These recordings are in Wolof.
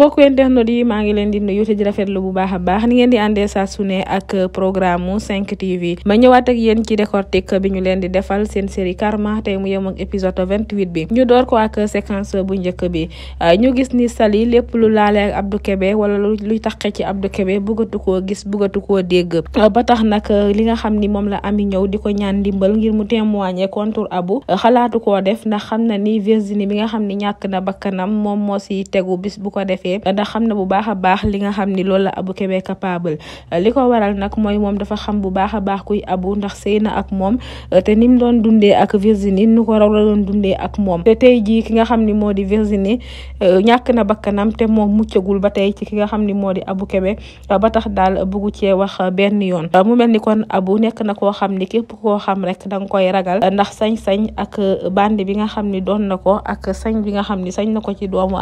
mbokku internet yi maa ngi leen di nuyu te di rafetlu bu baax a baax ni ngeen di àndee saa su ne ak programme mu 5 TV ma ñëwaat ak yéen ci décortique bi ñu leen di defal seen série Karma tey mu yem ak épisode 28 bi ñu door ko ak séquence bu njëkk bi ah, ñu gis ni Sali lépp lu laale ak Abdou Kébé wala luy taqe ci Abdou Kébé bëggatu koo gis bëggatu koo dégg ah, ba tax nag ah, li nga xam ni moom la Ami ñëw di ko ñaan ndimbal ngir mu témoigner contre Abou xalaatu koo def ndax xam na ni Virginie bi nga xam ni ñàkk na bakkanam moom moo si tegu bis bu ko defee Kébé ndax xam na bu baax a baax li nga xam ni loolu la Abou Kébé capable li ko waral nag mooy moom dafa xam bu baax a baax kuy Abou ndax sëy na ak moom te ni mu doon dundee ak Virginie nu ko raw la dundee ak moom te tey jii ki nga xam ni moo di Virginie euh, ñàkk na bakkanam te moom muccagul ba tey ci ki nga xam ni moo di Abou Kébé ba tax daal buggu cee wax benn yoon mu mel ni kon Abou nekk na koo xam ni képp koo xam rek da nga koy ragal ndax sañ-sañ ak bandi bi nga xam ni doon na ko ak sañ bi nga xam ni sañ na ko ci doomu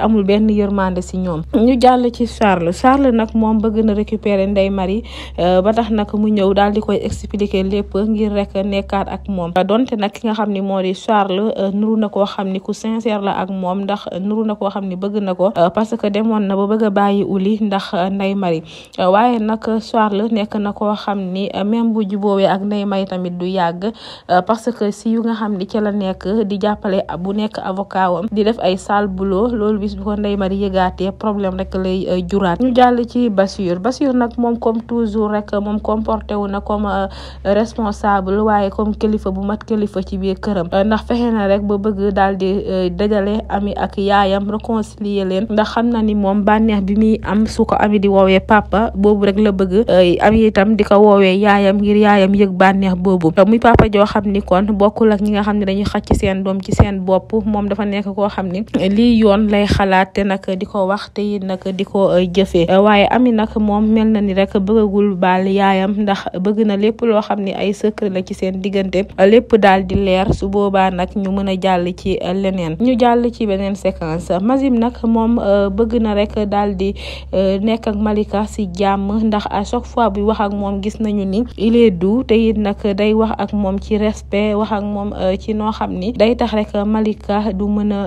amul benn yërmaan demander si ñoom ñu jàll ci Charles Charles nag moom bëgg na récupérer Ndeye Marie euh, ba tax nag mu ñëw daal di koy expliquer lépp ngir rek nekkaat ak moom donte nag ki nga xam ni moo di Charles euh, nuru na koo xam ni ku sincère la ak moom ndax nuru na koo xam ni bëgg na ko euh, parce que demoon na ba bëgg a bàyyi uli ndax Ndeye Marie waaye nag Charles nekk na koo xam ni même bu juboowee ak Ndeye Marie tamit du yàgg parce que si yu nga xam ni ci la di jàppale bu nekk avocat wam di yeggaatee problème rek lay euh, juraat ñu jàll ci Bassirou Bassirou nag moom comme toujours rek moom comporté wu na comme euh, responsable waaye comme kilifa bu mat kilifa ci biir këram euh, ndax fexe na rek ba bëgg daal di dajale ami ak yaayam réconcilier leen ndax xam na ni moom bànneex bi muy am su ko ami di woowee papa boobu rek la bëgg ami itam di ko woowee yaayam ngir yaayam yëg bànneex boobu muy papa joo xam ni kon bokkul ak ñi nga xam ne dañuy xacc seen doom ci seen bopp moom dafa di ko wax te it nag di ko eh, jëfee eh, waaye ami nag moom mel na ni rek bëggagul baal yaayam ndax bëgg na lépp loo xam ni ay secret la ci seen diggante eh, lépp daal di leer su boobaa nag ñu mën a jàll ci leneen ñu jàll ci beneen séquence Mazim nag moom bëgg na rek daal di nekk ak Malika si jàmm ndax à chaque fois bi wax ak moom gis nañu ni il du te it nag day wax ak moom ci respect wax ak moom ci noo xam ni day tax rek Malika du mën a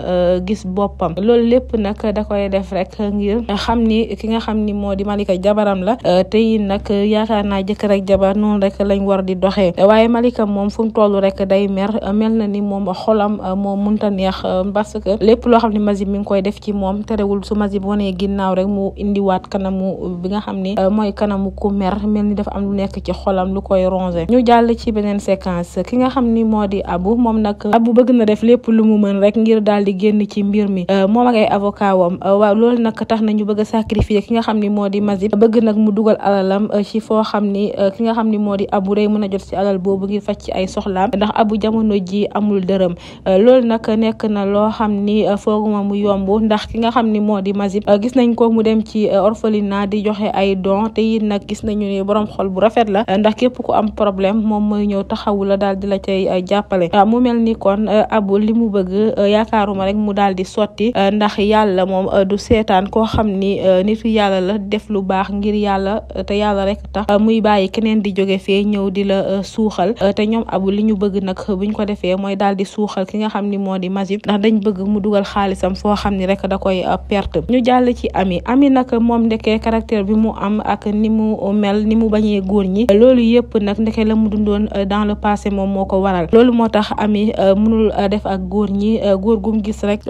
gis boppam loolu lépp nag da koy def rek ngir xam ni ki nga xam ni moo di Malika jabaram la euh, te yi nag euh, yaakaar naa jëkk rek jabar noonu rek lañ war di doxee waaye Malika moom fu mu toll rek day mer mel na ni moom xolam euh, moo munta neex parce que lépp loo xam ne Mazib mi ngi koy def ci moom terewul su Mazib wanee ginnaaw rek mu indiwaat kanamu bi nga xam ni mooy kanamu ku meer mel ni daf am lu nekk ci xolam lu koy rongé ñu jàll ci beneen séquence ki nga xam ni moo di Abu moom nag Abu bëgg na def lépp lu mu mën rek ngir daal di génn ci mbir mi moom ak ay avocat wam waaw loolu nag tax nañu bëgg a sacrifier ki nga xam ni moo di Mazib bëgg nag mu dugal alalam euh, ci foo xam ni euh, ki nga xam ni moo di Abu Rey mën a jot si alal boobu ngir faj ci ay soxlaam ndax Abu jamono ji amul dërëm euh, loolu nag nekk na loo xam ni fooguma mu yomb ndax ki nga xam ni moo di Mazib gis nañ ko mu dem ci orphelinat di joxe ay don te it nag gis nañu ni borom xol bu rafet la ndax képp ku am problème moom mooy ñëw taxawula la daal di la cay jàppale mu mel ni kon Abu li bëgg yaakaaruma rek mu daal di sotti ndax yàlla du seetaan koo xam ni euh, nitu yàlla la def lu baax ngir yàlla te yàlla rek tax euh, muy bàyyi keneen di joge fee ñëw di la euh, suuxal te ñoom abu li ñu bëgg nag buñ ko defee mooy daal di suuxal ki nga xam ni moo di Mazib ndax dañ bëgg mu dugal xaalisam foo xam ni rek da koy perte ñu jàll ci ami ami nag moom ndekee caractère bi mu am ak ni mu mel ni mu bañee góor ñi loolu yëpp nag ndeke la mu dundoon dans le passé moom moo ko waral loolu moo tax ami mënul def ak góor ñi góor gum gis rek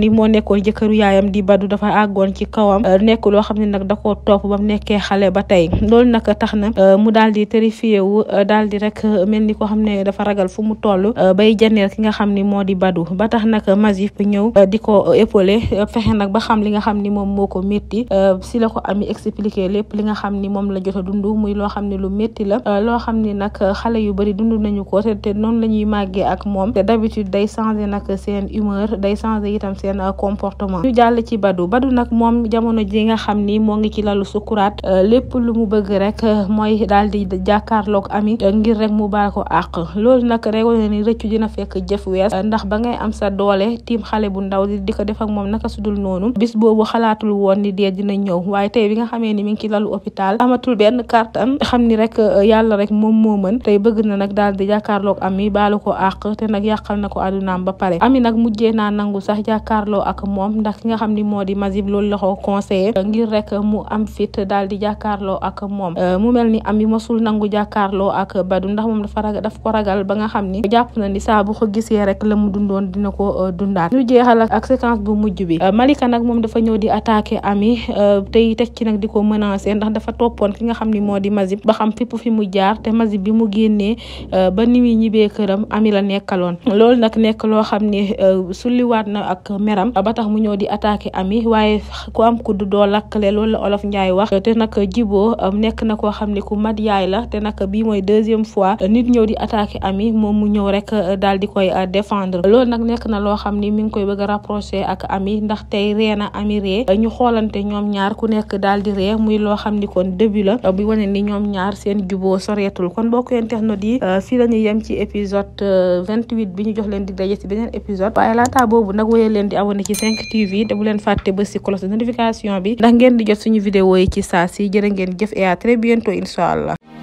ni moo nekkoon jëkkëru yaayam di badu dafa àggoon ci kawam euh, nekk loo xam ne nag da koo topp ba mu nekkee xale ba tey loolu nag tax na euh, mu daal di terrifié wu euh, daal di rek mel ni koo xam ne dafa ragal fu mu toll bay janeel ki nga xam ni moo di badu ba tax nag masif ñëw di ko épaulé fexe nag ba xam li nga xam ni moom moo ko métti si la ko ami expliqué lépp li nga xam ni moom la jot a dund muy loo xam ne lu metti la loo xam ni nag xale yu bari dund nañu ko te noonu la ñuy màggee ak moom te d'habitude day changé nag seen humeur day changé itam seen euh, comportement ñu jàll ci Badou Badou nag moom jamono ji nga xam ni moo ngi ci lalu sukuraat euh, lépp lu mu bëgg rek euh, mooy daal di jàkkaarloog ami ngir rek mu baal ko àq loolu nag réew na ni rëccu dina fekk jëf wees ndax ba ngay am sa doole tiim xale bu ndaw di ko def ak moom naka sudul noonu bis boobu xalaatul woon ni dee dina ñëw waaye tey bi nga xamee ni mi ngi ci lalu hôpital amatul benn kartan xam ni rek yàlla rek moom moo mën bëgg na nag daal ko àq ba pare ami nag mujjee naa nangu sax jàkkaar jàkkaarloo ak moom ndax ki nga xam ni moo di Mazib loolu la ko conseillé ngir rek mu am fit daal di jàkkaarloo ak moom euh, mu mel ni ak Badu ndax moom dafa ragal daf ko ragal ba nga xam ni jàpp na ni saa bu ko gisee rek la mu dundoon dina ko euh, dundaat ñu jeexal ak séquence bu mujj bi euh, Malika nag moom dafa ñëw di attaqué Ami tey teg ci nag di ko menacé ndax dafa toppoon ki nga xam ni moo di Mazib ba xam fépp fi mu jaar te Mazib bi mu génnee ba ni muy ñibbee këram Ami la nekkaloon loolu nag nekk loo xam ni sulliwaat na ak meram ba tax mu ñëw di attaqué ami waaye ku am kudd doo lakkale loolu la olof Njaay wax te nag Djibo nekk na koo xam ne ku mat yaay la te nag bii mooy deuxième fois nit ñëw di attaqué ami moom mu ñow rek euh, daal di koy euh, défendre lool nag nekk na loo xam ni mi ngi koy bëgg a rapproché ak ami ndax tey ree na ami ree ñu xoolante ñoom ñaar ku nekk daal di ree muy loo xam ni kon début la bu wane ni ñoom ñaar seen juboo soreetul kon bokk internet yi euh, fii la ñuy yem ci épisode vingt bi ñu jox leen di abonné ci 5 TV te bu leen fàtte ba si cloche de notification bi ndax ngeen di jot suñu vidéo yi ci saa si jërë ngeen jëf et à très bientôt incha allah